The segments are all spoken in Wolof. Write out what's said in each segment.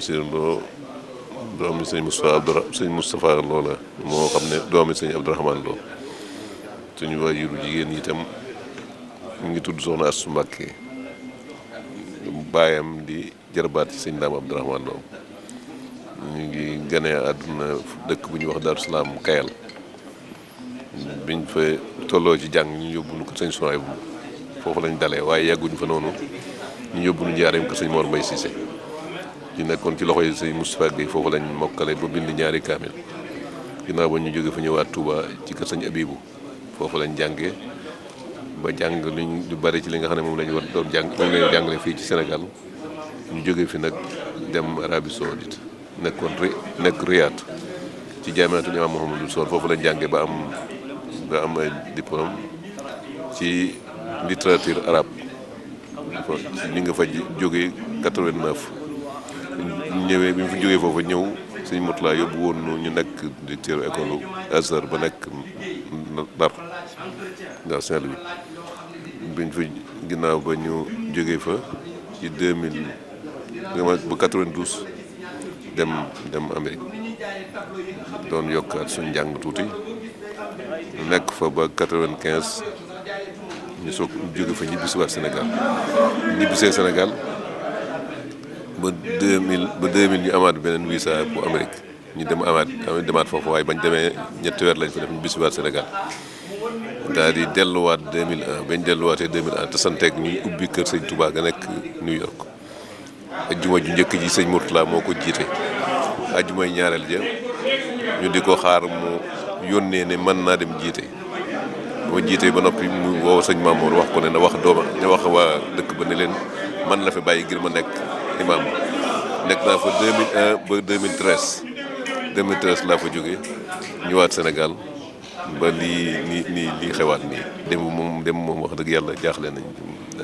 Basiir Lo doomi sëñ Mustafa, Abdoura sëñ Moustapha Lo la moo xam ne doomi sëñ Abdourahmane Lo suñu waajuru jigéen itam mi ngi tudd Soxna di jarbat ci sëñ Daam Abdourahmane Lo ñu ngi ganee àdduna dëkk bu ñuy wax Daaru Salaam Kayal biñ fa tolloo ci jàng ñu yóbbu nu ko sëñ Suwaay bu foofu lañ dalee waaye fa ñu ko Mor Mbay Cissé yi nekkoon ci loxo yi sëñ Moustapha Guèye foofu lañ mokkale ba bind ñaari kaamil ginnaaw ba ñu jóge fa ñëwaat Touba ci kër sëñ Abibu foofu lañ jàngee ba jàng luñ lu bari ci li nga xam ne moom lañ war doon jàng moom lañ jàngale fii ci Sénégal ñu jóge fi nag dem Arabie Saoudite nekkoon ri nekk Riyad ci jaamiatul imaam Mouhamadou Sow foofu lañ jàngee ba am ba diplôme ci littérature arabe ñu nga fa jógee ñëwee bi mu fi jógee foofa ñëw sëñ Moutala yóbbu woon ñu nekk directeur école Azhar ba nekk Ndar ndax Saint-Louis bi ñu fa ginnaaw ba ñu jógee fa ci 2000 ba 92 dem dem Amérique doon yokkaat suñ njàng tuuti nekk fa ba 95 ñu soog jóge fa ñibbisiwaat Sénégal ñibbisee Sénégal. ba deux mille ba deux mille ñu amaat beneen visa bu Amérique ñu dem amaat demaat foofu waaye bañ demee ñetti weer lañ fa def ñu bisiwaat Sénégal daal di delluwaat 2001 bañ delluwaatee 2001 te santeeg ñuy ubbi kër sañ Touba ga nekk New York ajjuma ju njëkk ji sëñ Mourtala moo ko jiite ajjumay ñaareel ja ñu di ko xaar mu yónnee ne mën naa dem jiite boo jiitee ba noppi mu woo sëñ Mamour wax ko ne na wax dooma na wax waa dëkk ba ne leen man la fi bàyyi ngir ma nekk imam nek na euh, fa 2001 ba 2013 2013 la fa jóge ñëwaat Sénégal ba li ni ni li xewaat ni dem mom dem mom wax deug yalla jaxlé nañ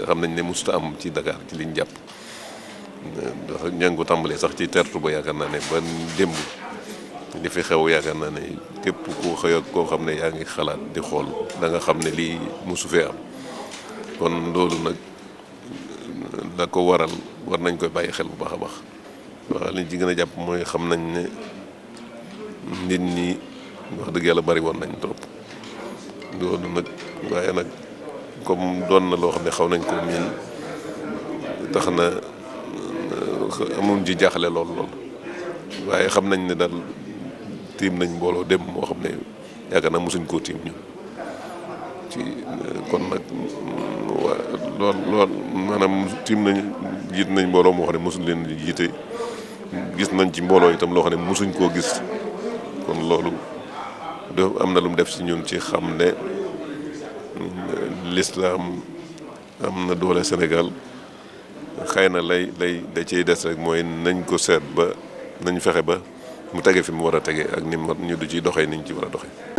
xam nañ ne musuta am ci Dakar ci liñ japp dox ñangu tambalé sax ci tertu ba yaakaar naa ne ba dem li fi xew yaakaar naa ne képp ku xey ak ko xamné ne yaa xalaat di xol da nga xamné li musu fi am kon lolu nak la ko waral war nañ koy bàyyi xel bu baax a baax waaw liñ ci gën a jàpp mooy xam nañ ne nit ñi wax dëgg yàlla bari woon nañ trop loolu nag waaye nag comme doon na loo xam ne xaw nañ ko miin tax na euh, amuñ ci jaaxle lool xam nañ ne daal nañ mbooloo dem moo xam ne yaakaar naa mosuñ koo tiim ñun ci euh, kon nag lool lool maanaam tiim nañ jiit nañ mbooloo moo xam ne mosuñ leen jiite gis nañ ci mbooloo itam loo xam ne mosuñ koo gis kon loolu de am na lu mu def si ñun ci xam ne lislaam am na doole Sénégal xëy na lay lay da ciy des rek mooy nañ ko seet ba nañ fexe ba mu tege fi mu war a tege ak ni mu ñu du ciy doxee niñ ci war a doxee